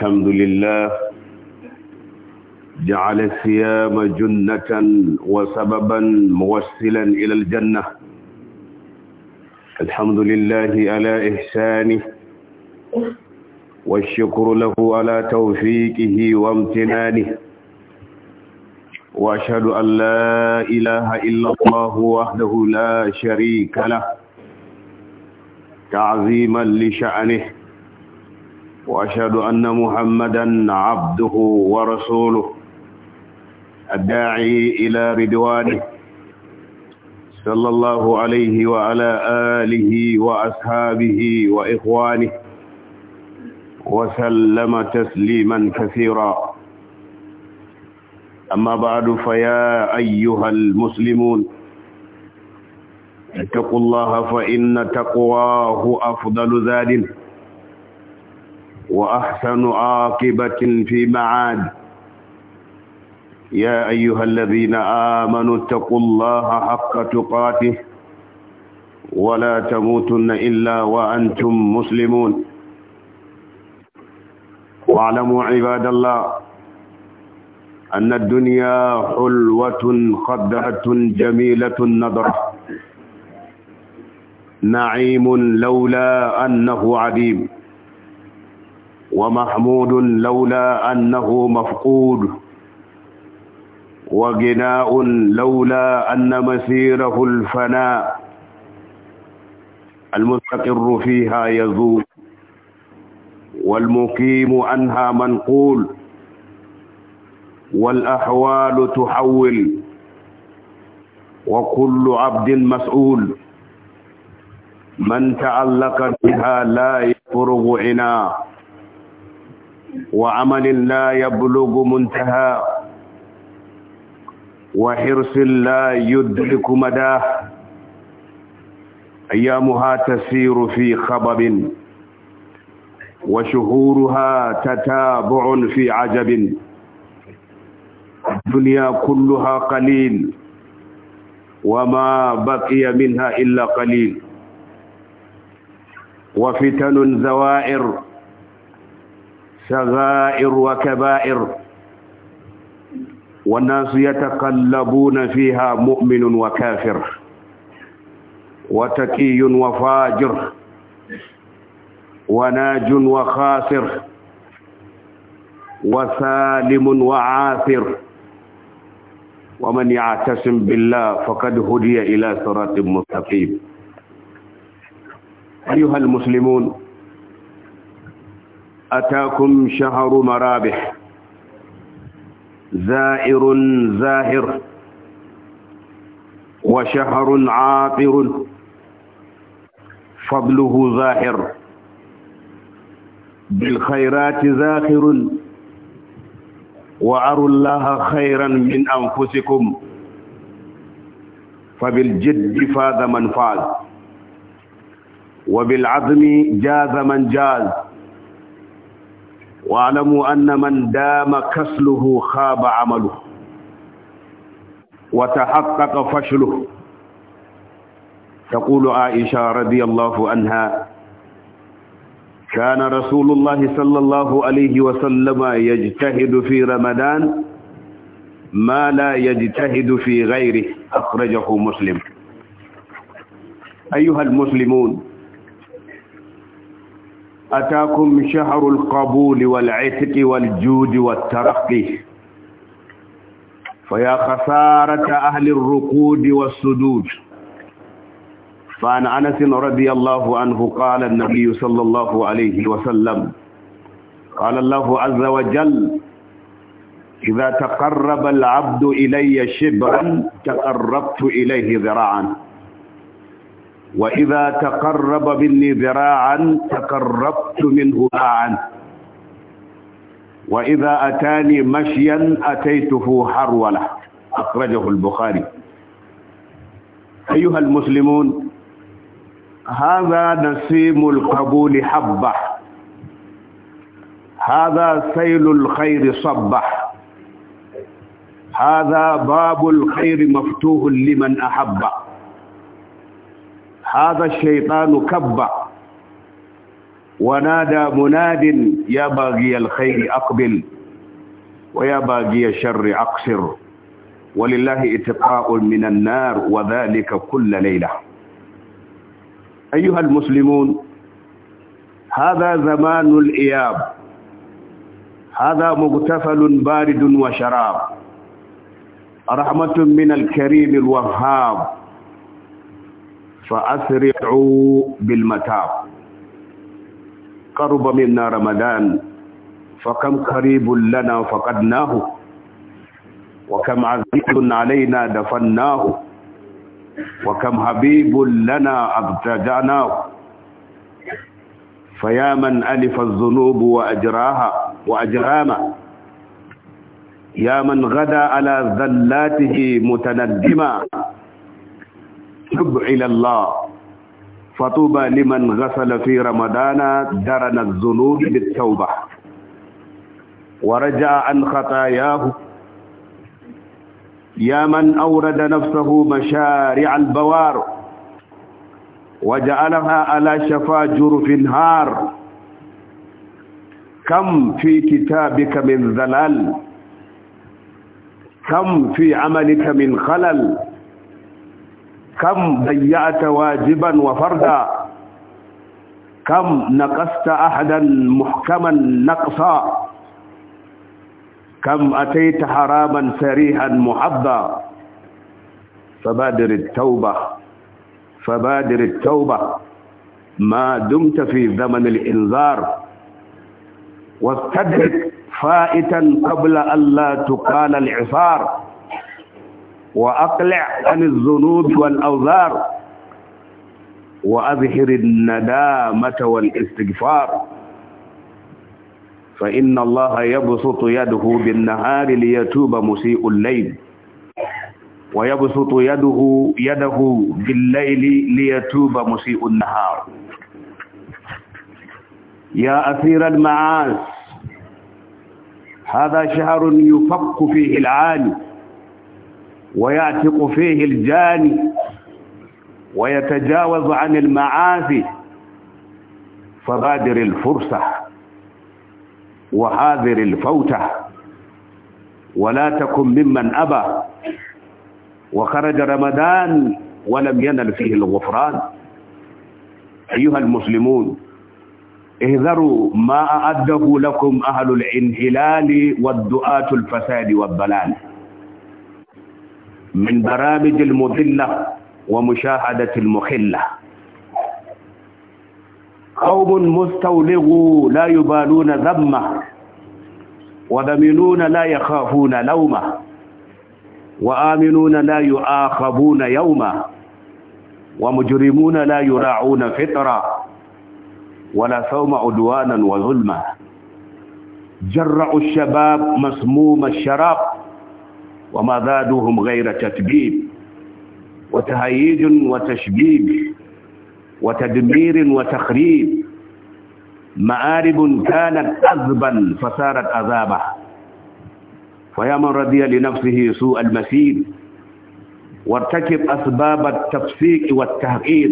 الحمد لله جعل الصيام جنة وسببا موسلا إلى الجنة الحمد لله على إحسانه والشكر له على توفيقه وامتنانه وأشهد أن لا إله إلا الله وحده لا شريك له تعظيما لشأنه وأشهد أن محمدا عبده ورسوله الداعي إلى رضوانه صلى الله عليه وعلى آله وأصحابه وإخوانه وسلم تسليما كثيرا أما بعد فيا أيها المسلمون اتقوا الله فإن تقواه أفضل زاد وأحسن عاقبة في معاد يا أيها الذين آمنوا اتقوا الله حق تقاته ولا تموتن إلا وأنتم مسلمون واعلموا عباد الله أن الدنيا حلوة خدهة جميلة نظرة نعيم لولا أنه عديم ومحمود لولا أنه مفقود وغناء لولا أن مسيره الفناء المستقر فيها يزول والمقيم عنها منقول والأحوال تحول وكل عبد مسؤول من تعلق بها لا يفرغ عناه وعمل لا يبلغ منتهى وحرص لا يدرك مداه أيامها تسير في خبب وشهورها تتابع في عجب الدنيا كلها قليل وما بقي منها إلا قليل وفتن زوائر صغائر وكبائر والناس يتقلبون فيها مؤمن وكافر وتكي وفاجر وناج وخاسر وسالم وعاثر ومن يعتصم بالله فقد هدي إلى صراط مستقيم أيها المسلمون أتاكم شهر مرابح زائر زاهر وشهر عاقر فضله ظاهر بالخيرات زاخر وأروا الله خيرا من أنفسكم فبالجد فاز من فاز وبالعظم جاز من جاز واعلموا أن من دام كسله خاب عمله وتحقق فشله تقول عائشة رضي الله عنها كان رسول الله صلى الله عليه وسلم يجتهد في رمضان ما لا يجتهد في غيره أخرجه مسلم أيها المسلمون أتاكم شهر القبول والعتق والجود والترقي فيا خسارة أهل الرقود والسدود فعن أنس رضي الله عنه قال النبي صلى الله عليه وسلم قال الله عز وجل إذا تقرب العبد إلي شبرا تقربت إليه ذراعا وإذا تقرب مني ذراعا تقربت منه باعا وإذا أتاني مشيا أتيته حرولة أخرجه البخاري أيها المسلمون هذا نسيم القبول حبة هذا سيل الخير صبة هذا باب الخير مفتوح لمن أحبه هذا الشيطان كب ونادى مناد يا باغي الخير أقبل ويا باغي الشر أقصر ولله اتقاء من النار وذلك كل ليلة أيها المسلمون هذا زمان الإياب هذا مغتفل بارد وشراب رحمة من الكريم الوهاب فأسرعوا بالمتاع قرب منا رمضان فكم قريب لنا فقدناه وكم عزيز علينا دفناه وكم حبيب لنا أبتدعناه فيا من ألف الذنوب وأجراها وأجراما يا من غدا على ذلاته متندما تب إلى الله فطوبى لمن غسل في رمضان درن الذنوب بالتوبة ورجع عن خطاياه يا من أورد نفسه مشارع البوار وجعلها على شفا جرف هار كم في كتابك من ذلال كم في عملك من خلل كم ضيعت واجبا وفردا كم نقصت أحدا محكما نقصا كم أتيت حراما سريحا محضا فبادر التوبة فبادر التوبة ما دمت في زمن الإنذار واستدرك فائتا قبل أن لا تقال العصار وأقلع عن الذنوب والأوزار وأظهر الندامة والاستغفار فإن الله يبسط يده بالنهار ليتوب مسيء الليل ويبسط يده يده بالليل ليتوب مسيء النهار يا أثير المعاصي هذا شهر يفك فيه العالم ويعتق فيه الجاني ويتجاوز عن المعاصي فغادر الفرصة وحاذر الفوتة ولا تكن ممن أبى وخرج رمضان ولم ينل فيه الغفران أيها المسلمون اهذروا ما أعده لكم أهل الانهلال والدعاة الفساد والضلال من برامج المذلة ومشاهدة المخلة قوم مستولغوا لا يبالون ذمه وذمنون لا يخافون لومه وآمنون لا يؤاخبون يوما ومجرمون لا يراعون فطرا ولا ثوم عدوانا وظلما جرعوا الشباب مسموم الشراب وما زادوهم غير تتبيب وتهييج وتشبيب وتدمير وتخريب مآرب كانت أذبا فصارت أذابا فيا من رضي لنفسه سوء المسير وارتكب أسباب التفسيق والتهقير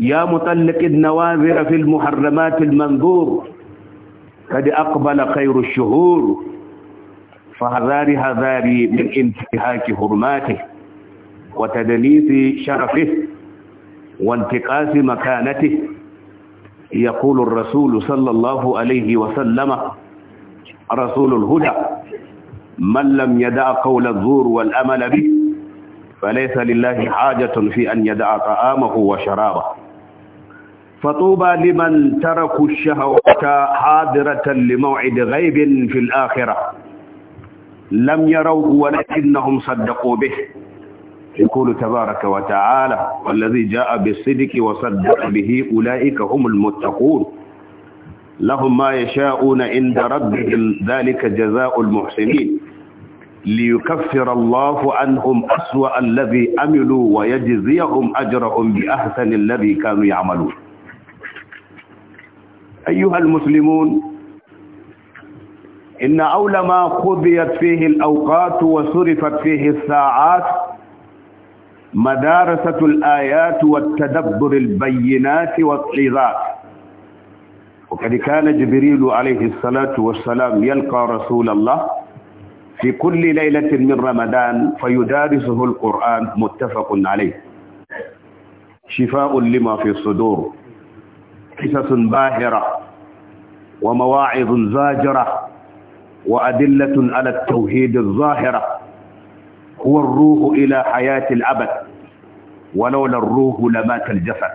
يا مطلق النواذر في المحرمات المنظور قد أقبل خير الشهور فهذاري هذاري من انتهاك حرماته وتدليس شرفه وانتقاص مكانته يقول الرسول صلى الله عليه وسلم رسول الهدى من لم يدع قول الزور والأمل به فليس لله حاجة في أن يدع طعامه وشرابه فطوبى لمن تركوا الشهوة حاضرة لموعد غيب في الآخرة لم يروه ولكنهم صدقوا به يقول تبارك وتعالى والذي جاء بالصدق وصدق به أولئك هم المتقون لهم ما يشاءون عند ربهم ذلك جزاء المحسنين ليكفر الله عنهم أسوأ الذي أملوا ويجزيهم أجرهم بأحسن الذي كانوا يعملون أيها المسلمون إن أول ما قضيت فيه الأوقات وصرفت فيه الساعات مدارسة الآيات والتدبر البينات والإذات وقد كان جبريل عليه الصلاة والسلام يلقى رسول الله في كل ليلة من رمضان فيدارسه القرآن متفق عليه شفاء لما في الصدور قصص باهرة ومواعظ زاجرة وأدلة على التوحيد الظاهرة هو الروح إلى حياة الأبد ولولا الروح لمات الجسد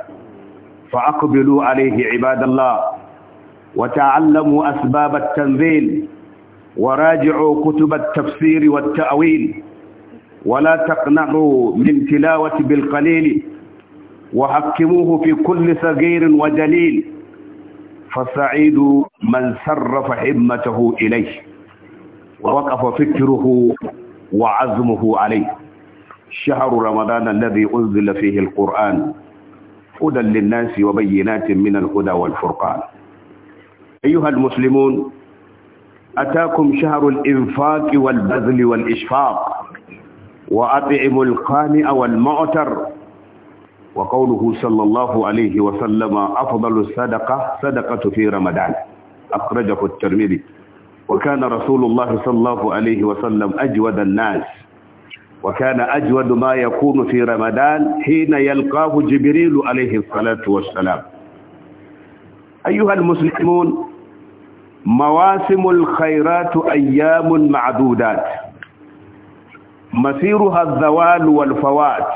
فأقبلوا عليه عباد الله وتعلموا أسباب التنزيل وراجعوا كتب التفسير والتأويل ولا تقنعوا من تلاوة بالقليل وحكموه في كل صغير وجليل فسعيد من صرف همته إليه ووقف فكره وعزمه عليه شهر رمضان الذي أنزل فيه القرآن هدى للناس وبينات من الهدى والفرقان أيها المسلمون أتاكم شهر الإنفاق والبذل والإشفاق وأطعموا القانع والمعتر وقوله صلى الله عليه وسلم أفضل الصدقة صدقة في رمضان أخرجه الترمذي وكان رسول الله صلى الله عليه وسلم أجود الناس وكان أجود ما يكون في رمضان حين يلقاه جبريل عليه الصلاة والسلام أيها المسلمون مواسم الخيرات أيام معدودات مسيرها الزوال والفوات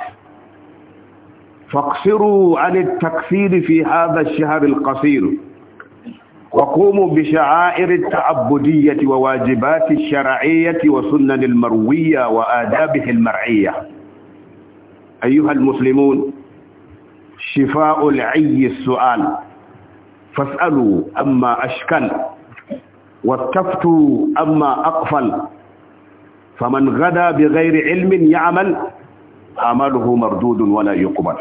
فاقصروا عن التكفير في هذا الشهر القصير وقوموا بشعائر التعبدية وواجبات الشرعية وسنن المروية وآدابه المرعية أيها المسلمون شفاء العي السؤال فاسألوا أما أشكل واتفتوا أما أقفل فمن غدا بغير علم يعمل عمله مردود ولا يقبل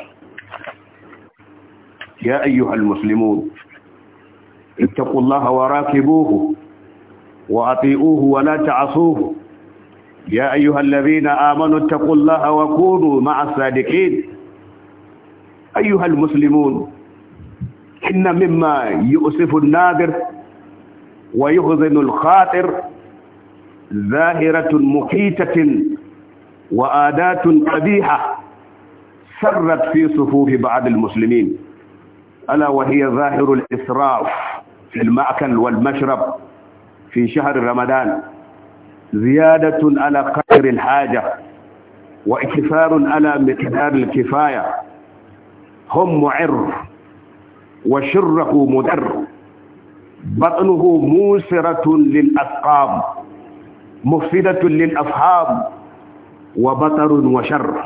يا أيها المسلمون اتقوا الله وراكبوه وأطيئوه ولا تعصوه يا أيها الذين آمنوا اتقوا الله وكونوا مع الصادقين أيها المسلمون إن مما يؤسف النادر ويحزن الخاطر ظاهرة مقيتة وآدات قبيحة سرت في صفوف بعض المسلمين ألا وهي ظاهر الإسراف في المأكل والمشرب في شهر رمضان زيادة على قدر الحاجة وإكثار على مقدار الكفاية هم معر وشره مدر بطنه موسرة للأسقام مفسدة للأصحاب وبطر وشر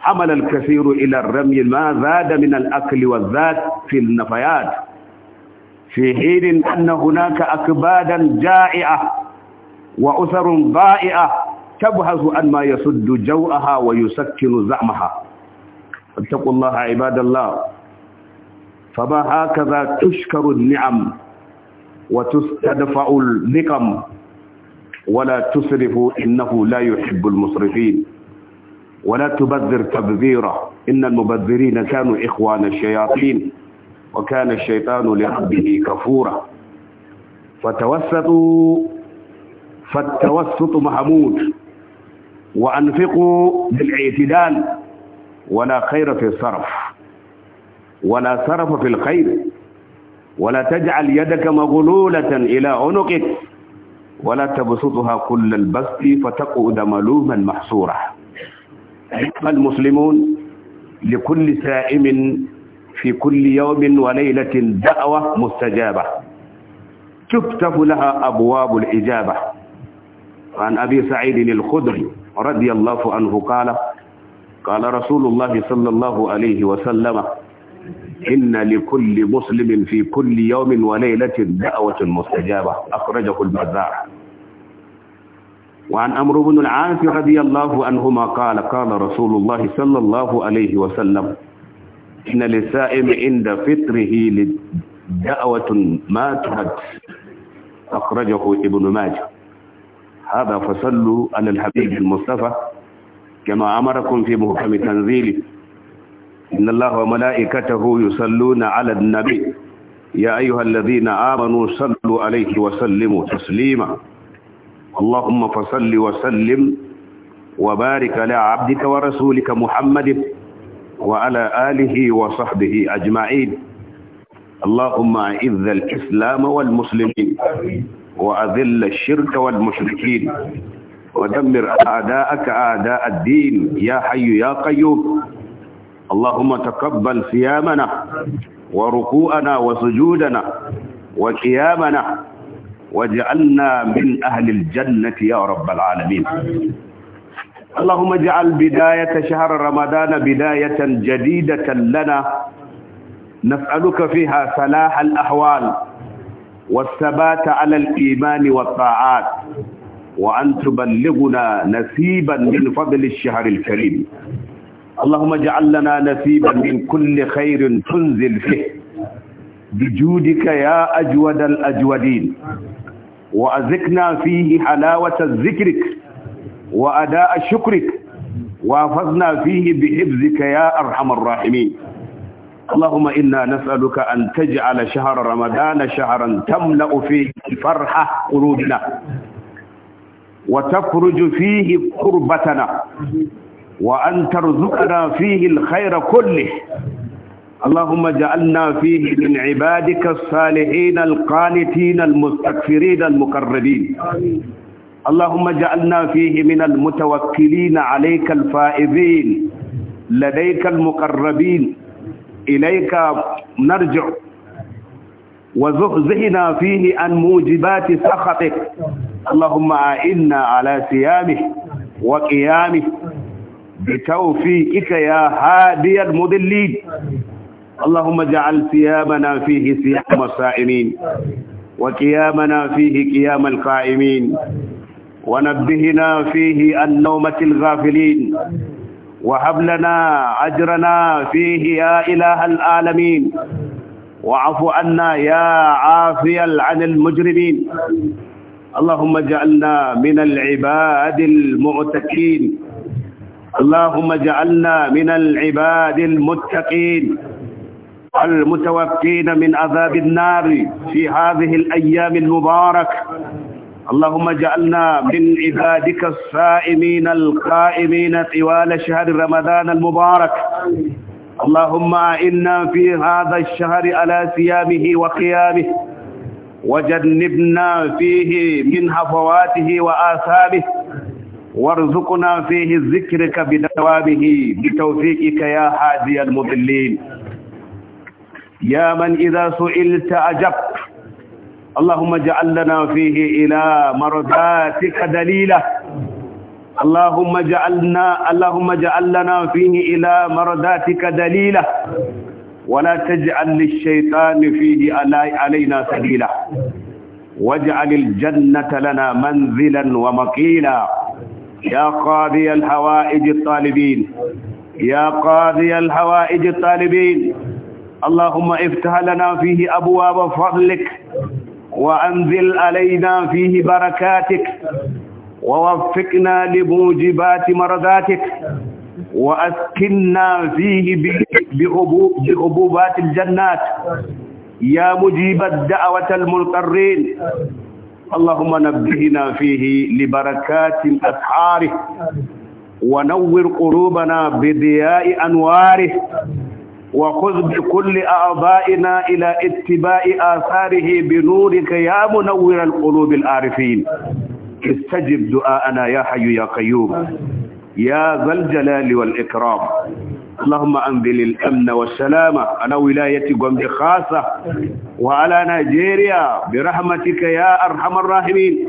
حمل الكثير إلى الرمي ما زاد من الأكل والذات في النفيات في حين أن هناك أكبادا جائعة وأسر ضائعة تبحث عن ما يسد جوءها ويسكن زعمها اتقوا الله عباد الله فما هكذا تشكر النعم وتستدفع النقم ولا تسرفوا إنه لا يحب المسرفين ولا تبذر تبذيرا إن المبذرين كانوا إخوان الشياطين وكان الشيطان لربه كفورا فتوسطوا فالتوسط محمود وأنفقوا بالاعتدال ولا خير في الصرف ولا صرف في الخير ولا تجعل يدك مغلولة إلى عنقك ولا تبسطها كل البسط فتقعد ملوما محصورا المسلمون لكل سائم في كل يوم وليلة دعوة مستجابة تفتح لها أبواب الإجابة عن أبي سعيد الخدري رضي الله عنه قال قال رسول الله صلى الله عليه وسلم إن لكل مسلم في كل يوم وليلة دعوة مستجابة أخرجه البزار وعن أمر بن العاص رضي الله عنهما قال قال رسول الله صلى الله عليه وسلم إن للسائم عند فطره دعوة ما تهد أخرجه ابن ماجه هذا فصلوا على الحبيب المصطفى كما أمركم في محكم تنزيله إن الله وملائكته يصلون على النبي يا أيها الذين آمنوا صلوا عليه وسلموا تسليما اللهم فصل وسلم وبارك على عبدك ورسولك محمد وعلى آله وصحبه أجمعين اللهم أعز الإسلام والمسلمين وأذل الشرك والمشركين ودمر أعداءك أعداء الدين يا حي يا قيوم اللهم تقبل صيامنا وركوعنا وسجودنا وقيامنا واجعلنا من أهل الجنة يا رب العالمين اللهم اجعل بداية شهر رمضان بداية جديدة لنا نسألك فيها صلاح الأحوال والثبات على الإيمان والطاعات وأن تبلغنا نسيبا من فضل الشهر الكريم اللهم اجعل لنا نسيبا من كل خير تنزل فيه بجودك يا أجود الأجودين وأزكنا فيه حلاوة ذكرك وأداء شكرك وافزنا فيه بحفظك يا أرحم الراحمين اللهم إنا نسألك أن تجعل شهر رمضان شهرا تملأ فيه فرحة قلوبنا وتفرج فيه كربتنا وأن ترزقنا فيه الخير كله اللهم اجعلنا فيه من عبادك الصالحين القانتين المستكفرين المقربين آمين. اللهم اجعلنا فيه من المتوكلين عليك الفائزين لديك المقربين إليك نرجع وزهزهنا فيه عن موجبات سخطك اللهم أعنا على صيامه وقيامه بتوفيقك يا هادي المضلين اللهم اجعل صيامنا فيه صيام الصائمين وقيامنا فيه قيام القائمين ونبهنا فيه عن نومة الغافلين وهب لنا أجرنا فيه يا إله العالمين وعف عنا يا عافيا عن المجرمين اللهم اجعلنا من العباد المعتقين اللهم اجعلنا من العباد المتقين المتوفين من عذاب النار في هذه الأيام المباركة اللهم اجعلنا من عبادك الصائمين القائمين طوال شهر رمضان المبارك اللهم إنا في هذا الشهر على صيامه وقيامه وجنبنا فيه من هفواته وآثامه وارزقنا فيه ذكرك بدوامه بتوفيقك يا حادي المضلين يا من إذا سئلت أجبت اللهم اجعل لنا فيه إلى مرضاتك دليلا اللهم اجعلنا اللهم اجعل لنا فيه إلى مرضاتك دليلا ولا تجعل للشيطان فيه علينا سبيلا واجعل الجنة لنا منزلا ومقيلا يا قاضي الحوائج الطالبين يا قاضي الحوائج الطالبين اللهم افتح لنا فيه أبواب فضلك وأنزل علينا فيه بركاتك ووفقنا لموجبات مرضاتك وأسكننا فيه بحبوبات الجنات يا مجيب الدعوة المضطرين اللهم نبهنا فيه لبركات أسحاره ونور قلوبنا بضياء أنواره وخذ بكل أعضائنا إلى اتباع آثاره بنورك يا منور القلوب العارفين استجب دعاءنا يا حي يا قيوم يا ذا الجلال والإكرام اللهم أنزل الأمن والسلامة على ولاية قمد خاصة وعلى نيجيريا برحمتك يا أرحم الراحمين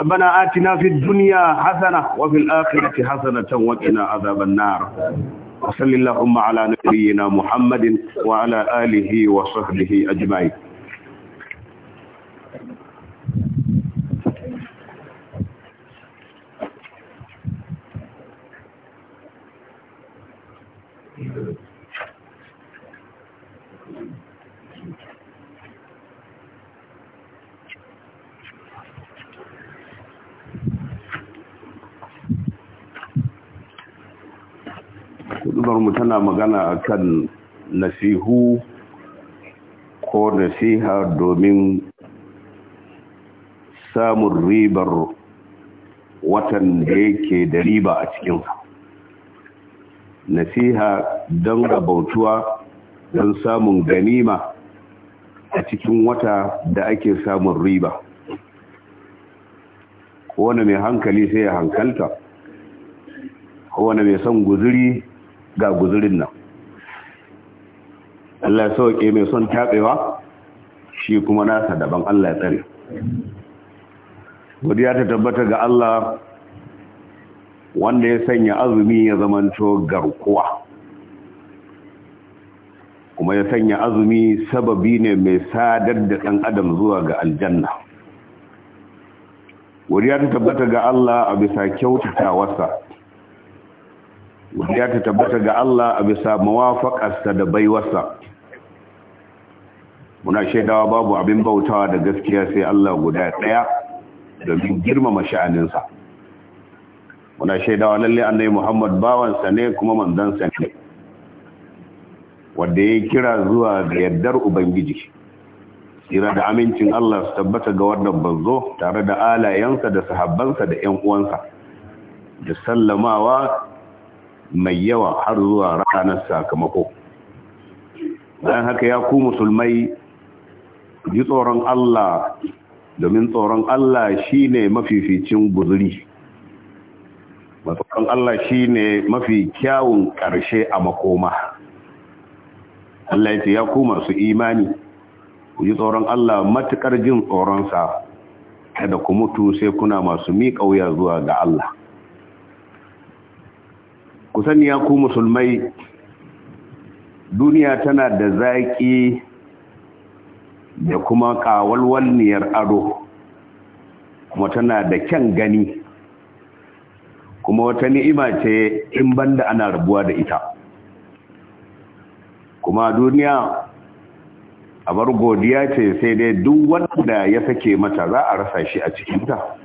ربنا آتنا في الدنيا حسنة وفي الآخرة حسنة وقنا عذاب النار وصل اللهم على نبينا محمد وعلى آله وصحبه أجمعين Thank you. mu tana magana akan nasihu ko nasiha domin samun ribar watan da yake da riba a cikinsa nasiha don rabautuwa don samun ganima a cikin wata da ake samun riba wane mai hankali sai ya hankalta wane mai son guzuri ga guzurin nan Allah ya sauke mai son taɓewa shi kuma nasa daban Allah ya tsare godiya ta tabbata ga Allah wanda ya sanya azumi ya zamanto garkuwa kuma ya sanya azumi sababi ne mai sadar da ɗan adam zuwa ga aljanna godiya ta tabbata ga Allah a bisa kyautata wasa? ya ta tabbata ga Allah a bisa mawafaƙarsa da baiwarsa muna shaidawa babu abin bautawa da gaskiya sai Allah guda ɗaya domin girmama sha'aninsa muna shaidawa lalle annai Muhammad bawansa ne kuma manzansa ne wanda ya kira zuwa ga yardar Ubangiji tsira da amincin Allah su tabbata ga wannan banzo tare da alayensa da sahabbansa da 'yan uwansa da sallamawa mai yawa har zuwa ranar sakamako bayan haka ya ku musulmai ji tsoron Allah domin tsoron Allah shi shine mafificin buzuri tsoron Allah shi ne mafi kyawun ƙarshe a makoma Allah ya ce ya ku masu imani ku ji tsoron Allah matuƙar jin tsoronsa kada ku mutu sai kuna masu miƙa wuya zuwa ga Allah ku sani ya ku musulmai duniya tana da zaƙi da kuma ƙawalwalniyar ado kuma tana da kyan gani kuma wata ni'ima ce in banda ana rabuwa da ita kuma duniya abar godiya ce sai dai duk wanda ya sake mata za a rasa shi a cikin ta.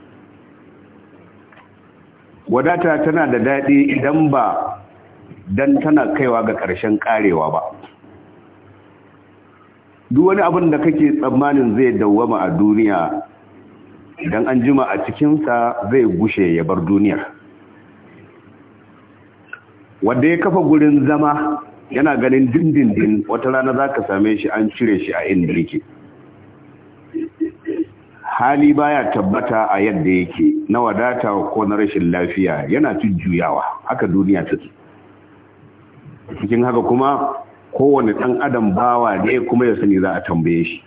wadata tana da daɗi idan ba dan tana kaiwa ga ƙarshen ƙarewa ba duk wani abin da kake tsammanin zai dawwama a duniya idan an jima a cikinsa zai gushe ya bar duniyar wanda ya kafa gurin zama yana ganin dindindin wata rana za ka same shi an cire shi a inda yake. hali baya tabbata a yadda yake na wadata ko na rashin lafiya yana juyawa haka duniya ta ce cikin haka kuma kowane ɗan adam bawa ne kuma ya sani za a tambaye shi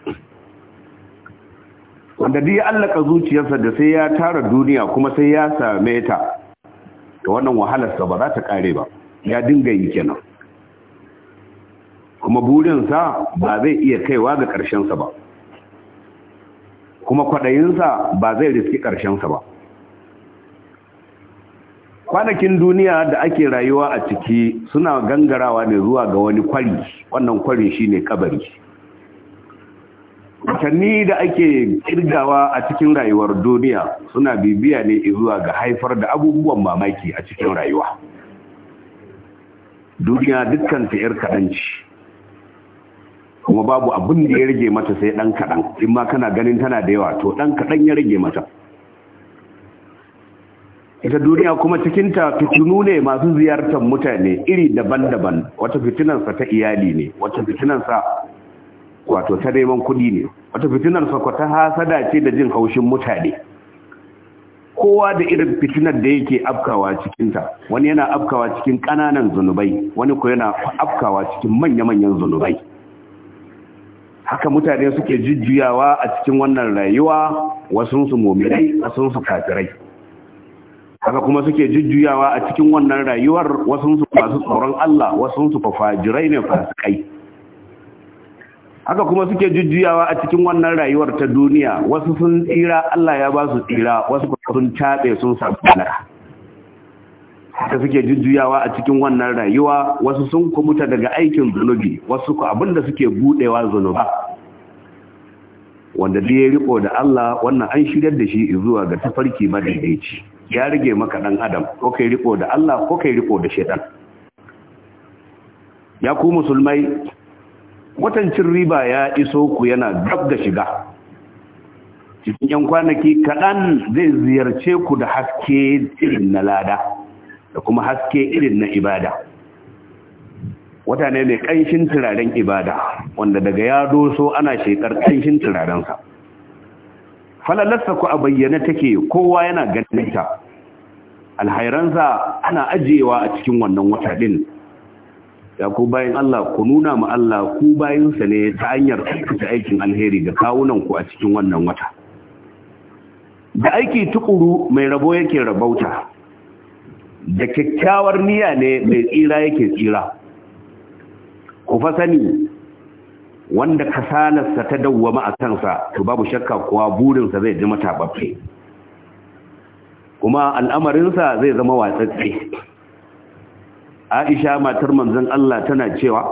wanda dai ya allaka zuciyarsa da sai ya tara duniya kuma sai ya same ta da wannan wahalarsa ba za ta kare ba ya dinga yi kenan kuma burinsa ba zai iya kaiwa ga ƙarshensa ba kuma kwaɗayinsa ba zai riski ƙarshensa ba kwanakin duniya da ake rayuwa a ciki suna gangarawa ne zuwa ga wani kwari wannan kwari ne kabari watanni da ake kirgawa a cikin rayuwar duniya suna bibiya ne zuwa ga haifar da abubuwan mamaki a cikin rayuwa duniya dukkan ta yar kadanci kuma babu abin da ya rage mata sai ɗan kaɗan in ma kana ganin tana da yawa to ɗan kaɗan ya rage mata ita duniya kuma cikinta fitinu ne masu ziyartar mutane iri daban-daban wata fitinansa ta iyali ne wata fitinansa wato ta neman kuɗi ne wata fitinarsa ta hasada ce da jin haushin mutane kowa da irin fitinar da yake afkawa cikinta wani yana afkawa cikin kananan zunubai wani ko yana afkawa cikin manya-manyan zunubai haka mutane suke jujjuyawa a cikin wannan rayuwa wasu su muminai wasu su kafirai haka kuma suke jujjuyawa a cikin wannan rayuwar wasu su masu tsoron Allah wasu su fafajirai ne fasikai haka kuma suke jujjuyawa a cikin wannan rayuwar ta duniya wasu sun tsira Allah ya ba su tsira wasu sun tabe sun samu nasara da suke jujjuyawa a cikin wannan rayuwa wasu sun kubuta daga aikin zunubi wasu ku abinda suke budewa zunuba wanda da ya riko da Allah wannan an shigar da shi zuwa ga tafarki madaidaici ya rage maka dan adam ko kai riko da Allah ko kai riko da shedan ya ku musulmai watancin riba ya iso ku yana gab da shiga cikin yan kwanaki kaɗan zai ziyarce ku da haske irin na lada da kuma haske irin na ibada wata ne mai ƙanshin turaren ibada wanda daga ya doso ana shekar ƙanshin turarensa falalarsa ku a bayyana take kowa yana ganinta alhairansa ana ajiyewa a cikin wannan wata ɗin ya ku bayan Allah ku nuna ma Allah ku bayansa ne ta hanyar aikata aikin alheri ga kawunanku a cikin wannan wata da aiki tukuru mai rabo yake rabauta da kyakkyawar niyya ne mai tsira yake tsira ku fa sani wanda kasalarsa ta dawwama a kansa to babu shakka kuwa burinsa zai ji matababbe kuma al'amarinsa zai zama watsatsi aisha matar manzon Allah tana cewa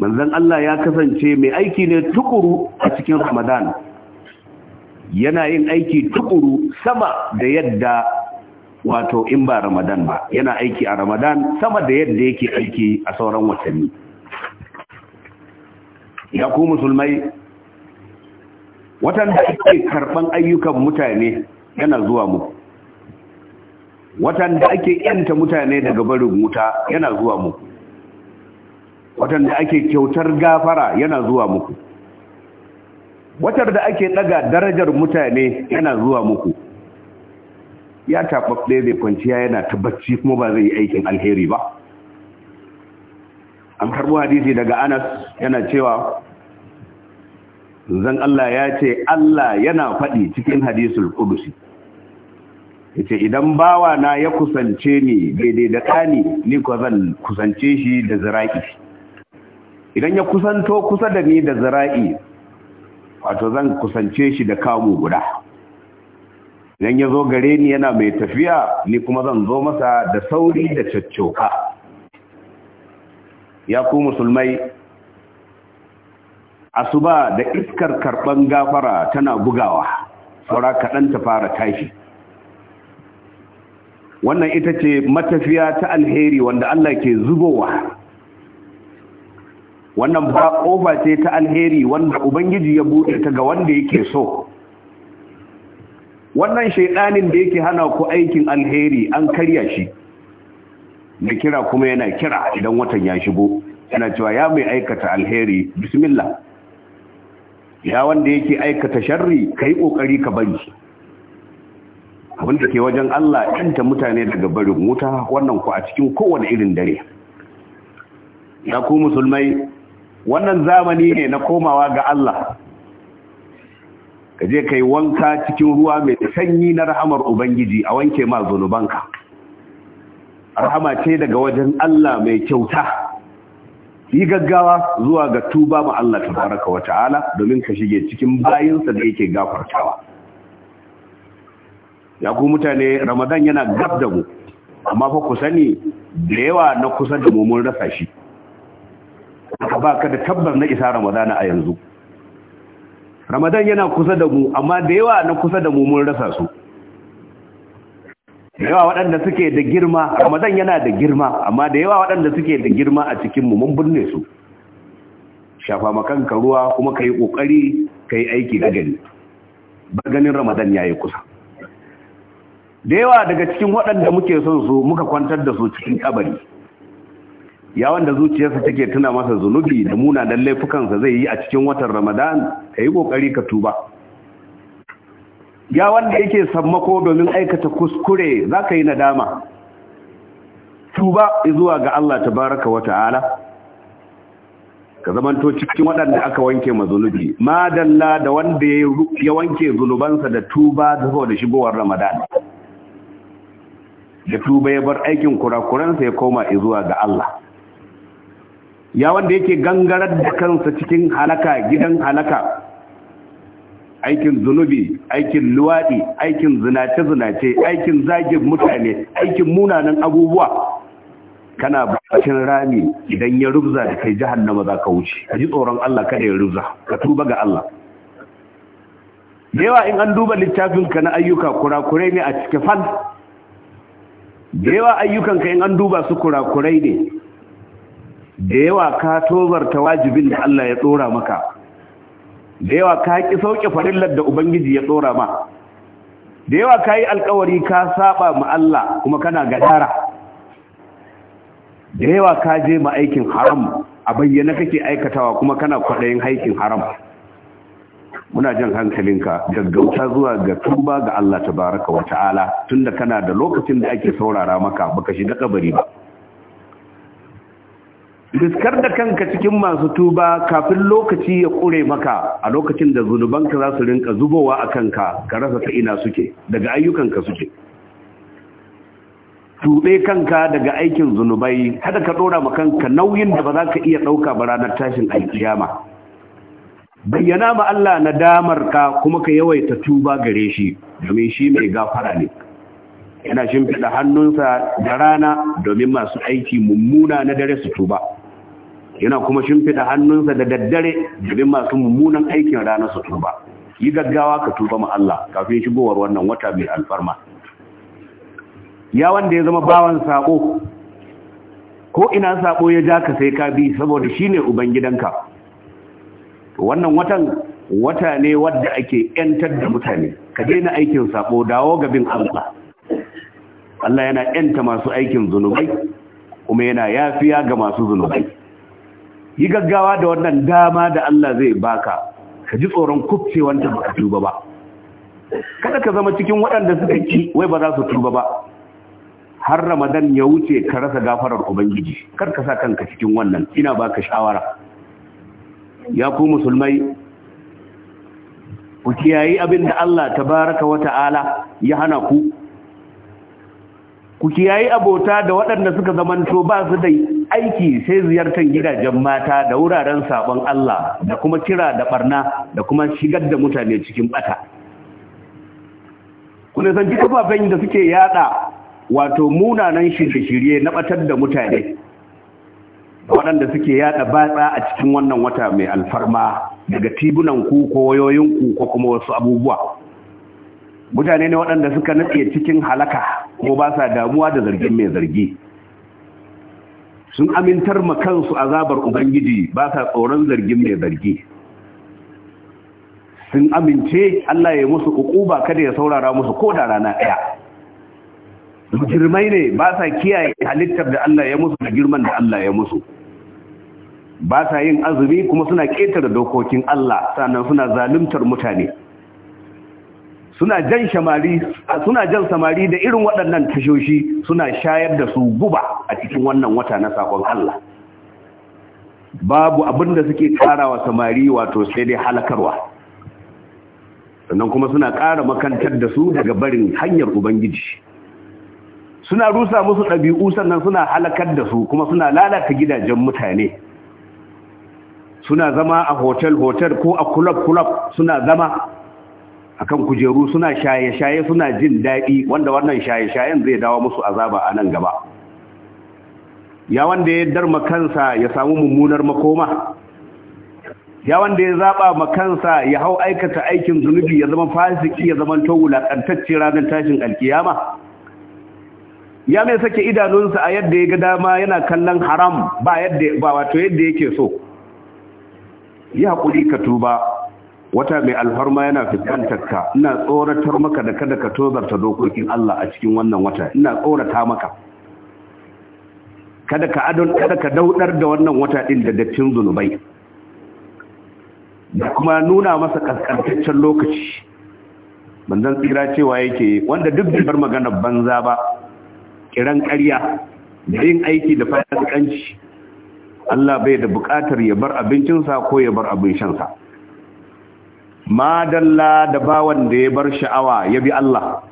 manzon Allah ya kasance mai aiki ne tukuru a cikin ramadan yana yin aiki tukuru sama da yadda wato in ba ramadan ba yana aiki a ramadan sama da yadda yake aiki a sauran watanni ya ku musulmai watan da ake karban ayyukan mutane yana zuwa mu watan da ake yanta mutane daga barin wuta yana zuwa mu watan da ake kyautar gafara yana zuwa muku watar da ake daga darajar mutane yana zuwa muku ya ɗaya zai kwanciya yana ta kuma ba zai yi aikin alheri ba an karɓo hadisi daga anas yana cewa zan Allah ya ce Allah yana faɗi cikin hadisul ƙudusi ya ce idan bawa na ya kusance ni daidai da ƙani ni ko zan kusance shi da zira'i idan ya kusanto kusa da ni da zira'i wato zan kusance shi da kamu guda idan ya zo gare ni yana mai tafiya ni kuma zan zo masa da sauri da caccoka ya ku musulmai asuba da iskar karban gafara tana bugawa saura kaɗan ta fara tashi wannan ita ce matafiya ta alheri wanda Allah ke zubowa wannan ba ƙofa ce ta alheri wanda ubangiji ya buɗe ta ga wanda yake so wannan shaidanin da yake hana ku aikin alheri an karya shi da kira kuma yana kira idan watan ya shigo yana cewa ya mai aikata alheri bismillah ya wanda yake aikata sharri kai kokari ka bari abinda ke wajen Allah ɗanta mutane daga barin wuta wannan ku a cikin kowane irin dare ya ku musulmai wannan zamani ne na komawa ga Allah ka je yi wanka cikin ruwa mai sanyi na rahamar ubangiji a wanke ma zunubanka rahama ce daga wajen Allah mai kyauta yi gaggawa zuwa ga tuba ma Allah tabaraka wa ta'ala domin ka shige cikin bayansa da yake gafartawa ya ku mutane ramadan yana gab da mu amma fa ku sani da yawa na kusa da mu mun rasa shi ba ka da tabbar na isa ramadana a yanzu ramadan yana kusa da mu amma da yawa na kusa da mu mun rasa su da yawa waɗanda suke da girma ramadan yana da girma amma da yawa waɗanda suke da girma a cikinmu mun binne su shafa makanka ruwa kuma ka yi ƙoƙari ka yi aiki da gani ba ganin ramadan ya yi kusa da yawa daga cikin waɗanda muke son su muka kwantar da su cikin kabari ya wanda zuciyarsa take tuna masa zunubi da munanan laifukansa zai yi a cikin watan ramadan ka yi ƙoƙari ka tuba ya wanda yake sammako domin aikata kuskure za ka yi nadama tuba zuwa ga Allah tabaraka wa ta'ala ka zamanto cikin waɗanda aka wanke ma zunubi madalla da wanda ya wanke zunubansa da tuba da shigowar ramadan da tuba ya bar aikin kurakuransa ya koma zuwa ga Allah ya wanda yake gangarar da kansa cikin halaka gidan halaka aikin zunubi aikin luwaɗi aikin zinace-zinace aikin zagin mutane aikin munanan abubuwa kana bakin rami idan ya rubza da kai jahannama za ka wuce ka ji tsoron Allah kada ya rubza ka tuba ga Allah yawa in an duba littafinka na ayyuka kurakurai ne a cikin fal yawa ayyukanka in an duba su kurakurai ne da yawa ka tozarta wajibin da Allah ya tsora maka da yawa ka ƙi sauke farillar da ubangiji ya tsora ma da yawa ka yi alkawari ka saba ma Allah kuma kana gadara da yawa ka je ma aikin haram a bayyana kake aikatawa kuma kana kwaɗayin aikin haram muna jan hankalinka gaggauta zuwa ga tuba ga Allah tabaraka wa ta'ala tunda kana da lokacin da ake saurara maka baka shiga kabari ba Biskar da kanka cikin masu tuba kafin lokaci ya ƙure maka a lokacin da zunubanka za su rinka zubowa a kanka ka rasa ta ina suke daga ayyukanka suke tuɓe kanka daga aikin zunubai kada ka ɗora ma kanka nauyin da ba za ka iya ɗauka ba ranar tashin alkiyama bayyana ma Allah nadamar ka kuma ka yawaita tuba gare shi domin shi mai gafara ne yana shimfiɗa hannunsa da rana domin masu aiki mummuna na dare su tuba yana kuma shimfida hannunsa da daddare domin masu mummunan aikin ranar su tuba yi gaggawa ka tuba ma Allah kafin shigowar wannan wata mai alfarma ya wanda ya zama bawan sako ko ina sako ya ja ka sai ka bi saboda shi ne ubangidanka wannan watan wata ne wadda ake yantar da mutane ka daina aikin sako dawo ga bin Allah Allah yana yanta masu aikin zunubai kuma yana yafiya ga masu zunubai yi gaggawa da wannan dama da Allah zai baka ka ji tsoron wanda ba ka tuba ba kada ka zama cikin waɗanda suka ki wai ba za su tuba ba har ramadan ya wuce ka rasa gafarar ubangiji kar ka sa kanka cikin wannan ina baka shawara ya ku musulmai ku kiyayi abin da Allah tabaraka wa ta'ala ya hana ku ku kiyayi abota da waɗanda suka zamanto ba su dai aiki sai ziyartar gidajen mata da wuraren sabon Allah da kuma kira da barna da kuma shigar da mutane cikin bata kuna zanci kafafen da suke yada wato munanan shirye-shirye na batar da mutane waɗanda suke yada batsa a cikin wannan wata mai alfarma daga tibunan ku ko wayoyin ku ko kuma wasu abubuwa mutane ne waɗanda suka nutse cikin halaka ko ba sa damuwa da zargin mai zargi sun amintar ma kansu azabar ubangiji ba sa tsoron zargin mai zargi sun amince Allah ya musu ukuba kada ya saurara musu ko da rana ɗaya girmai ne ba sa kiyaye halittar da Allah ya musu da girman da Allah ya musu ba sa yin azumi kuma suna ƙetare dokokin Allah sannan suna zaluntar mutane suna jan samari da irin waɗannan tashoshi suna shayar da su guba a cikin wannan wata na sakon Allah babu abin da suke karawa samari wato sai dai halakarwa sannan kuma suna ƙara makantar da su daga barin hanyar ubangiji suna rusa musu ɗabi'u sannan suna halakar da su kuma suna lalata gidajen mutane suna zama a hotel-hotel ko a kulab-kulab suna zama A kan kujeru suna shaye-shaye suna jin daɗi wanda wannan shaye-shayen zai dawo musu azaba a nan gaba ya wanda ya darma kansa ya samu mummunar makoma ya wanda ya zaba makansa ya hau aikata aikin zunubi ya zama fasiki ya zama to wulakantacce ranar tashin alkiyama ya mai sake idanunsa a yadda ya ga dama yana kallon haram ba yadda ba wato yadda yake so ya hakuri ka tuba wata mai alfarma yana fuskantar ka ina tsoratar maka da kada ka tozarta dokokin Allah a cikin wannan wata ina tsorata maka kada ka adon kada ka daudar da wannan wata din da dattin zunubai da kuma nuna masa kaskantaccen lokaci banzan tsira cewa yake wanda duk da bar maganar banza ba kiran ƙarya da yin aiki da fasikanci Allah bai da buƙatar ya bar abincinsa ko ya bar abin shansa madalla da bawan da ya bar sha'awa ya bi Allah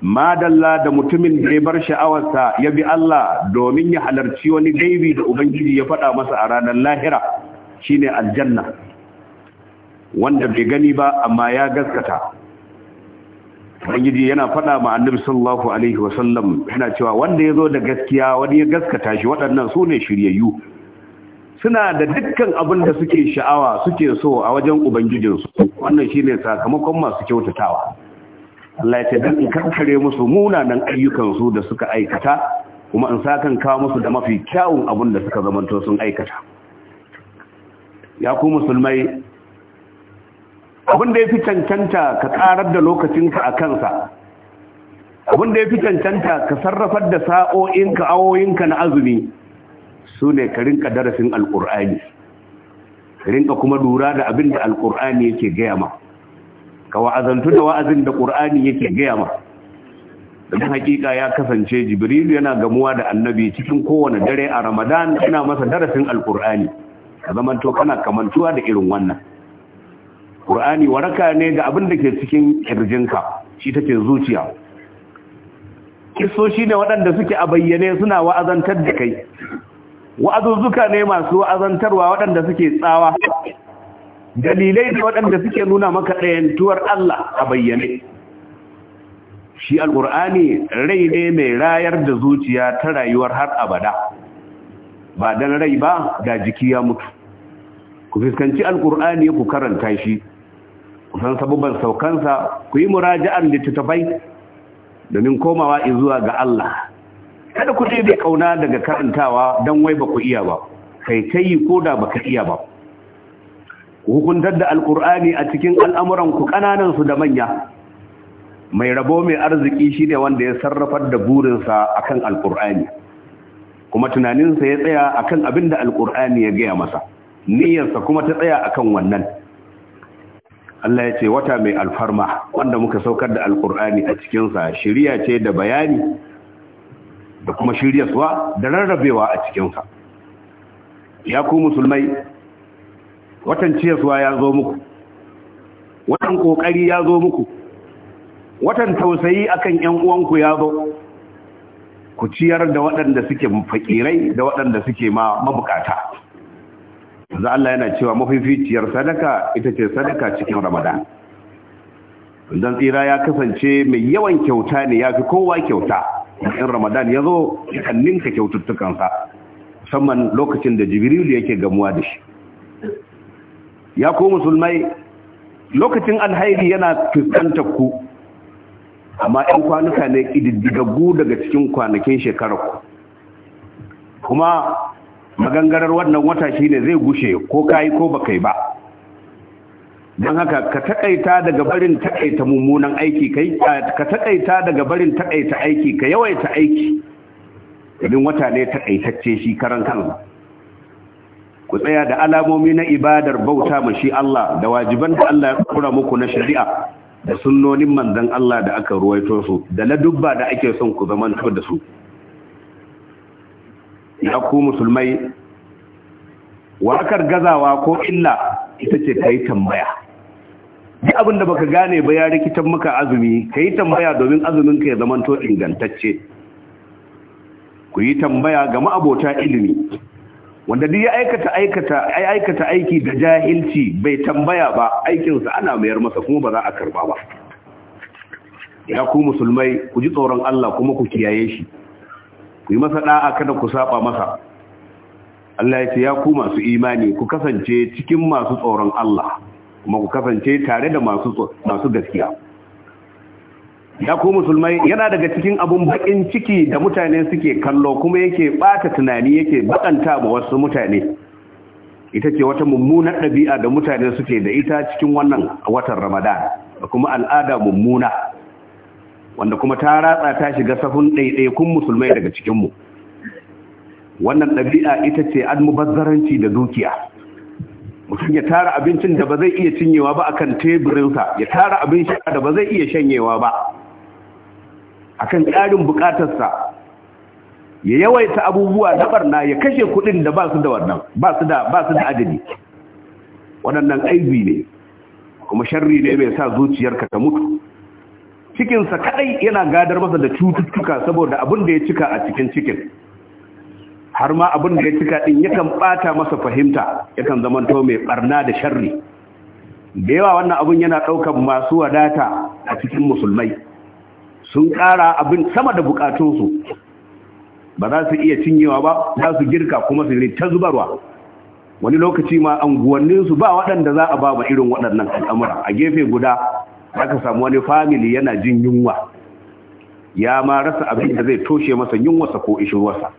madalla da mutumin da ya bar sha'awarsa ya bi Allah domin ya halarci wani gaibi da Ubangiji ya faɗa masa a ranar lahira shine aljanna wanda bai gani ba amma ya gaskata Ubangiji yana faɗa ma annabi sallallahu alaihi wasallam yana cewa wanda ya zo da gaskiya wani ya gaskata shi waɗannan su ne shiryayyu suna da dukkan abin da suke sha'awa suke so a wajen Ubangijinsu wannan shi ne sakamakon masu kyautatawa Allah ya ce dan in kankare musu munanan ayyukansu da suka aikata kuma in sakan kawo musu da mafi kyawun abin da suka zamanto sun aikata ya ku musulmai abin da ya fi cancanta ka karar da lokacinka a kansa abin da ya cancanta ka sarrafar da sa'o'inka awoyinka na azumi sune ka rinka darasin alkur'ani ka rinka kuma lura da abin da alkur'ani yake gaya ma ka wa'azantu da wa'azin da ƙur'ani yake gaya ma don hakika ya kasance jibril yana gamuwa da annabi cikin kowane dare a ramadan ina masa darasin alƙur'ani ka to kana kamantuwa da irin wannan ƙur'ani waraka ne ga abin da ke cikin ƙirjinka shi take zuciya kisoshi ne waɗanda suke a bayyane suna wa'azantar da kai wa'azuzzuka ne masu wa'azantarwa waɗanda suke tsawa dalilai da waɗanda suke nuna maka ɗayantuwar Allah a bayyane shi al’ur'ani rai ne mai rayar da zuciya ta rayuwar har abada ba don rai ba da jiki ya mutu ku fuskanci al’ur'ani ku karanta shi ku san saukansa ku yi muraja'ar littattafai domin komawa zuwa ga Allah kada ku bai kauna daga karantawa don wai ba ku iya ba kai ta yi ko da ba ka iya ba hukuntar da alkur'ani a cikin al'amuranku ƙananansu da manya mai rabo mai arziki shi ne wanda ya sarrafar da burinsa a kan alkur'ani kuma tunaninsa ya tsaya a kan abin da alkur'ani ya gaya masa niyyarsa kuma ta tsaya a kan wannan Allah ya ce wata mai alfarma wanda muka saukar da alkur'ani a cikinsa shirya ce da bayani da kuma shiryaswa da rarrabewa a cikinsa ya ku musulmai watan ciyaswa ya zo muku watan kokari ya zo muku watan tausayi akan yan uwanku ya zo ku ciyar da waɗanda suke faƙirai da waɗanda suke ma mabukata za Allah yana cewa mafificiyar sadaka ita ce sadaka cikin ramadan dan tsira ya kasance mai yawan kyauta ne ya fi kowa kyauta in ramadan ya zo kanninka kyaututtukansa musamman lokacin da jibril yake gamuwa da shi ya ko musulmai lokacin alhairi yana fuskantar ku amma 'yan kwanuka ne ƙididdigaggu daga cikin kwanakin shekarar ku kuma maganganar wannan wata shine zai gushe ko kayi ko baka yi ba don haka ka taƙaita daga barin taƙaita mummunan aiki kai ka taƙaita daga barin taƙaita aiki ka yawaita aiki idan wata ne taƙaitacce shi karan kansa ku tsaya da alamomi na ibadar bauta ma shi Allah da wajiban da Allah ya kura muku na shari'a da sunnonin manzon Allah da aka ruwaito su da na dubba da ake son ku zaman da su ya ku musulmai wakar gazawa ko illa ita ce kai tambaya duk abin da baka gane ba ya rikitan maka azumi kai tambaya domin azumin ka ya zamanto ingantacce ku yi tambaya ga ma'abota ilimi wanda duk ya aikata aikata aikata aiki da jahilci bai tambaya ba aikinsa ana mayar masa kuma ba za a karba ba ya ku musulmai ku ji tsoron Allah kuma ku kiyaye shi ku yi masa da'a kada ku saba masa Allah ya ce ya ku masu imani ku kasance cikin masu tsoron Allah kuma ku kasance tare da masu masu gaskiya ya ku musulmai yana daga cikin abun bakin ciki da mutane suke kallo kuma yake bata tunani yake bakanta wa wasu mutane ita ce wata mummunar ɗabi'a da mutane suke da ita cikin wannan watan ramadan da kuma al'ada mummuna wanda kuma ta ratsa ta shiga safin kun musulmai daga cikinmu wannan ɗabi'a ita ce almubazzaranci da dukiya mutum ya tara abincin da ba zai iya cinyewa ba akan teburinsa ya tara abin da ba zai iya shanyewa ba akan ƙarin buƙatarsa, ya yawaita abubuwa na barna ya kashe kuɗin da ba su da wannan ba su da ba su da adadi waɗannan aibi ne kuma sharri ne mai sa zuciyarka ta mutu cikinsa kadai yana gadar masa da cututtuka saboda abin da ya cika a cikin cikin har ma abin da ya cika din yakan ɓata masa fahimta yakan zama to mai ɓarna da sharri da yawa wannan abun yana ɗaukar masu wadata a cikin musulmai sun ƙara abin sama da bukatunsu ba za su iya cinyewa ba za su girka kuma su ta zubarwa wani lokaci ma anguwanninsu ba waɗanda za a ba ba irin waɗannan al'amura a gefe guda aka samu wani famili yana jin yunwa ya ma rasa abin da zai toshe masa yunwasa ko ishirwarsa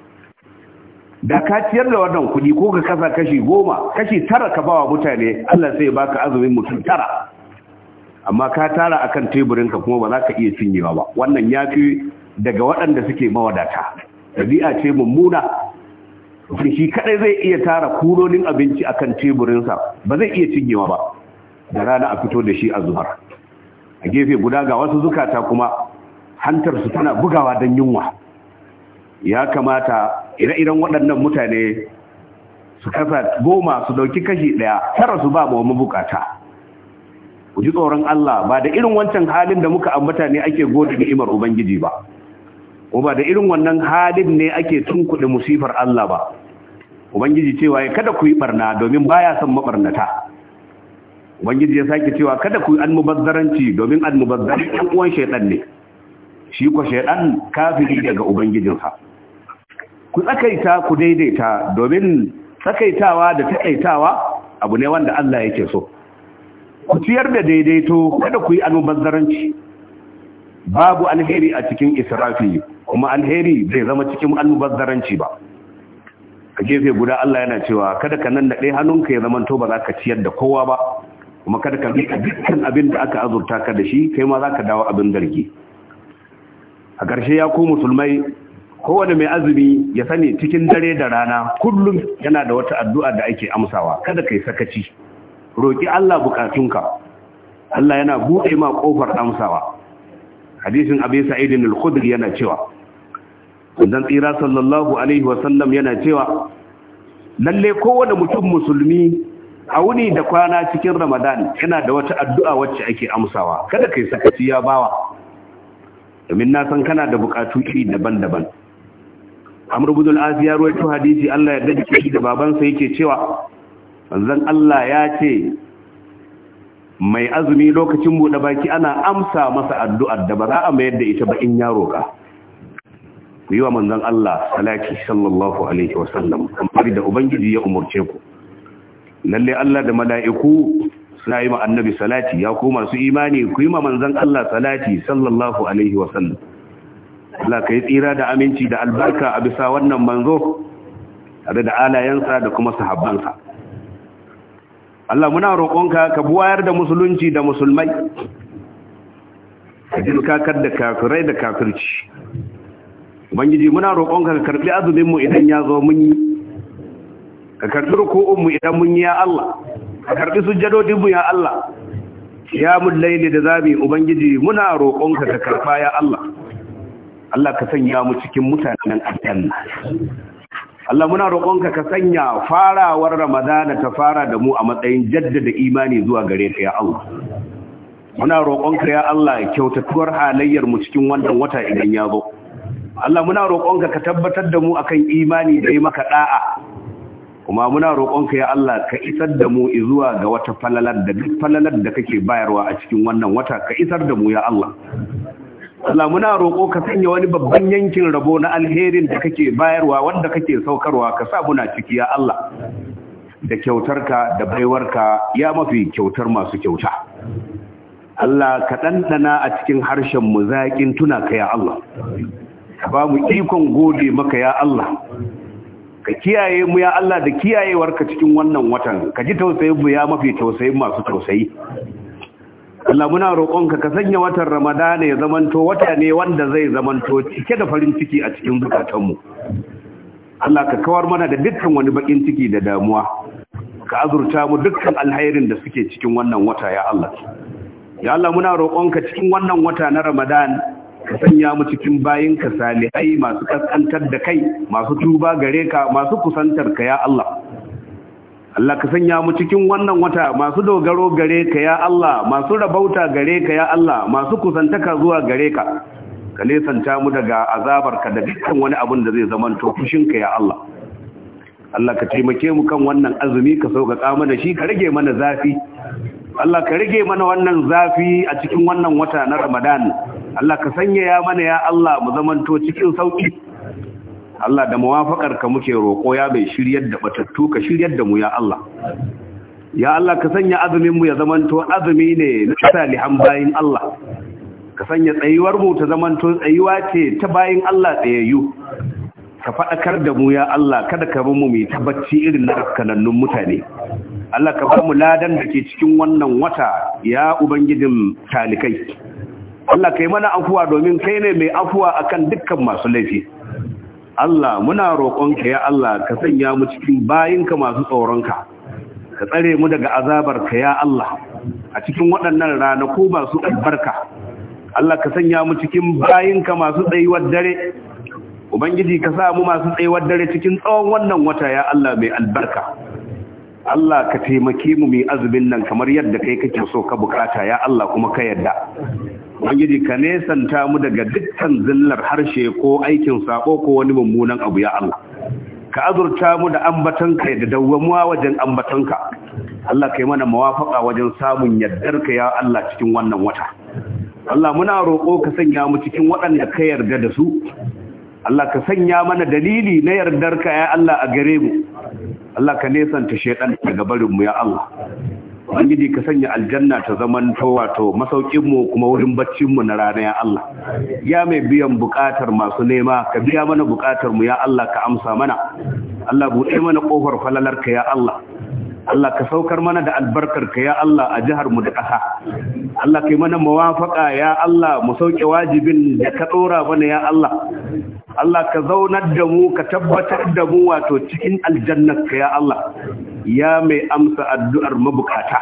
da ka ciyar da wannan kuɗi ko ka kasa kashi goma kashi tara ka bawa mutane allah sai baka azumin mutum tara amma ka tara akan teburinka kuma ba za ka iya cinyewa ba wannan ya fi daga waɗanda suke mawadata ɗabi'a ce mummuna shi kaɗai zai iya tara kuronin abinci a kan teburinsa ba zai iya cinyewa ba da rana a fito da shi a zubar a gefe guda ga wasu zukata kuma hantarsu tana bugawa don yunwa ya kamata ire-iren waɗannan mutane su kasa goma su ɗauki kashi ɗaya tara su ba wa mabukata ku ji tsoron Allah ba da irin wancan halin da muka ambata ne ake gode ni'imar ubangiji ba ko ba da irin wannan halin ne ake tunkuɗe musifar Allah ba ubangiji cewa kada ku yi barna domin baya son mabarnata ubangiji ya sake cewa kada ku yi almubazzaranci domin almubazzari ɗan uwan shaidan ne shi ko shaidan kafiri daga ubangijinsa ku tsakaita ku daidaita domin tsakaitawa da takaitawa abu ne wanda Allah yake so ku ciyar da daidaito kada ku yi almubazzaranci babu alheri a cikin israfi kuma alheri zai zama cikin almubazzaranci ba a gefe guda Allah yana cewa kada ka nan daɗe hannunka ya zamanto ba za ka ciyar da kowa ba kuma kada ka rika dukkan abin da aka azurta ka da shi kai ma za ka dawo abin dargi a ƙarshe ya ku musulmai kowane mai azumi ya sani cikin dare da rana kullum yana da wata addu'a da ake amsawa kada ka yi sakaci roki Allah bukatunka Allah yana buɗe ma ƙofar amsawa hadisin abin sa'idin al yana cewa dan tsira sallallahu alaihi wasallam yana cewa lalle kowane mutum musulmi a wuni da kwana cikin ramadan yana da wata addu'a wacce ake amsawa kada kai sakaci ya bawa domin na san kana da bukatu iri daban-daban amr ibn al-az hadisi Allah ya dace da babansa yake cewa zan Allah ya ce mai azumi lokacin buɗe baki ana amsa masa addu'ar da ba za a mayar da ita ba in ya roƙa ku yi wa manzan Allah salaki sallallahu alaihi wasallam kamar da ubangiji ya umarce ku lalle Allah da mala'iku suna yi ma annabi salati ya ku masu imani ku yi ma manzan Allah salati sallallahu alaihi wasallam Allah yi tsira da aminci da albarka a bisa wannan manzo tare da alayensa da kuma sahabbansa Allah muna roƙonka ka buwayar da musulunci da musulmai ka jirkakar da kafirai da kafirci ubangiji muna roƙonka ka karɓi azuminmu idan ya zo mun yi ka karɓi ruku'unmu idan mun yi ya Allah ka karɓi sujjadodinmu ya Allah ya mullaini da zabi ubangiji muna roƙonka ka karɓa ya Allah Allah ka sanya mu cikin mutanen aljanna Allah muna roƙonka ka sanya farawar Ramadana ta fara da mu a matsayin jaddada imani zuwa gare ka ya Allah. Muna roƙonka ya Allah kyautatuwar halayyar mu cikin wannan wata idan ya zo. Allah muna roƙonka ka tabbatar da mu akan imani da yi maka da'a. Kuma muna roƙonka ya Allah ka isar da mu zuwa ga wata falalar da duk falalar da kake bayarwa a cikin wannan wata ka isar da mu ya Allah. Allah muna roƙo ka sanya wani babban yankin rabo na alherin da kake bayarwa wanda kake saukarwa ka sa muna ciki ya Allah da kyautarka da baiwarka ya mafi kyautar masu kyauta Allah ka ɗanɗana a cikin harshen mu zaƙin tuna ka ya Allah ka ba mu ikon gode maka ya Allah ka kiyaye mu ya Allah da kiyayewarka cikin wannan watan ka ji tausayin mu ya mafi tausayin masu tausayi Allah muna roƙonka ka sanya watan Ramadana ya zamanto wata ne wanda zai zamanto cike da farin ciki a cikin zukatanmu. Allah ka kawar mana da dukkan wani bakin ciki da damuwa. Ka azurta mu dukkan alhairin da suke cikin wannan wata ya Allah. Ya Allah muna roƙonka cikin wannan wata na Ramadan ka sanya mu cikin ka salihai masu kaskantar da kai masu tuba gare ka masu kusantar ka ya Allah Allah ka sanya mu cikin wannan wata masu dogaro gare ka ya Allah masu rabauta gare ka ya Allah masu kusantaka zuwa gare ka ka nesanta mu daga azabarka da dukkan wani abin da zai zama to ka ya Allah Allah ka taimake mu kan wannan azumi ka sauka kama da shi ka rage mana zafi Allah ka rage mana wannan zafi a cikin wannan wata na Ramadan Allah ka sanya ya mana ya Allah mu zamanto cikin sauki Allah da mawafakar ka muke roƙo ya bai shiryar da batattu ka shiryar da mu ya Allah ya Allah ka sanya azumin mu ya zamanto azumi ne na salihan bayin Allah ka sanya tsayuwar mu ta zamanto tsayuwa ce ta bayan Allah tsayayyu ka faɗakar da mu ya Allah kada ka bi mu ta bacci irin na kanannun mutane Allah ka ba mu ladan da ke cikin wannan wata ya ubangijin talikai Allah ka yi mana afuwa domin kai ne mai afuwa akan dukkan masu laifi Allah muna roƙonka ya Allah ka sanya mu cikin bayinka masu tsoronka ka tsare mu daga azabarka ya Allah a cikin waɗannan ranaku masu albarka Allah ka sanya mu cikin bayinka masu tsayuwar dare Ubangiji ka sa mu masu tsayuwar dare cikin tsawon wannan wata ya Allah mai albarka Allah ka taimake mu mai azumin nan kamar yadda kai kake so ka bukata ya Allah kuma ka yadda ubangiji ka nesanta mu daga dukkan zillar harshe ko aikin sako ko wani mummunan abu ya Allah ka azurta mu da ambatanka da dawwamuwa wajen ambatanka Allah kai mana mawafaka wajen samun yardarka ya Allah cikin wannan wata Allah muna roƙo ka sanya mu cikin waɗanda ka yarda da su Allah ka sanya mana dalili na yardarka ya Allah a gare mu Allah ka nesanta shaidan daga barin mu ya Allah ubangiji ka sanya aljanna ta zaman to wato masaukin mu kuma wurin baccin mu na rana ya Allah ya mai biyan bukatar masu nema ka biya mana bukatar mu ya Allah ka amsa mana Allah buɗe mana kofar falalar ka ya Allah Allah ka saukar mana da albarkar ka ya Allah a jihar mu da ƙasa Allah kai mana mawafaka ya Allah mu sauke wajibin da ka dora mana ya Allah Allah ka zaunar da mu ka tabbatar da mu wato cikin ka ya Allah ya mai amsa addu'ar mabukata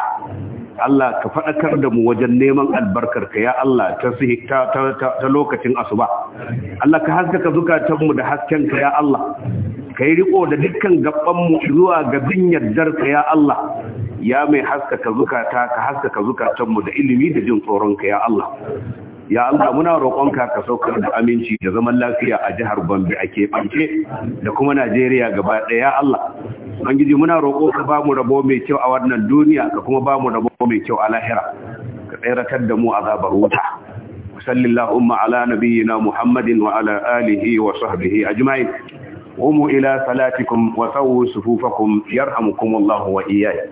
Allah ka faɗakar da mu wajen neman albarkarka ya Allah ta lokacin asuba Allah ka haskaka zukatanmu da haskenka ya Allah ka yi riko da dukkan gabanmu zuwa gabin yardarka ya Allah ya mai haskaka zukata ka haskaka zukatanmu da ilimi da jin tsoronka ya Allah ya Allah muna roƙonka ka saukar da aminci da zaman lafiya a jihar Gombe a keɓance da kuma Najeriya gaba ɗaya Allah. Ubangiji muna roƙo ka ba mu rabo mai kyau a wannan duniya ka kuma ba mu rabo mai kyau a lahira. Ka tsaratar da mu azabar wuta. وصل اللهم على نبينا محمد وعلى آله وصحبه أجمعين قوموا إلى صلاتكم وسووا صفوفكم يرحمكم الله وإياي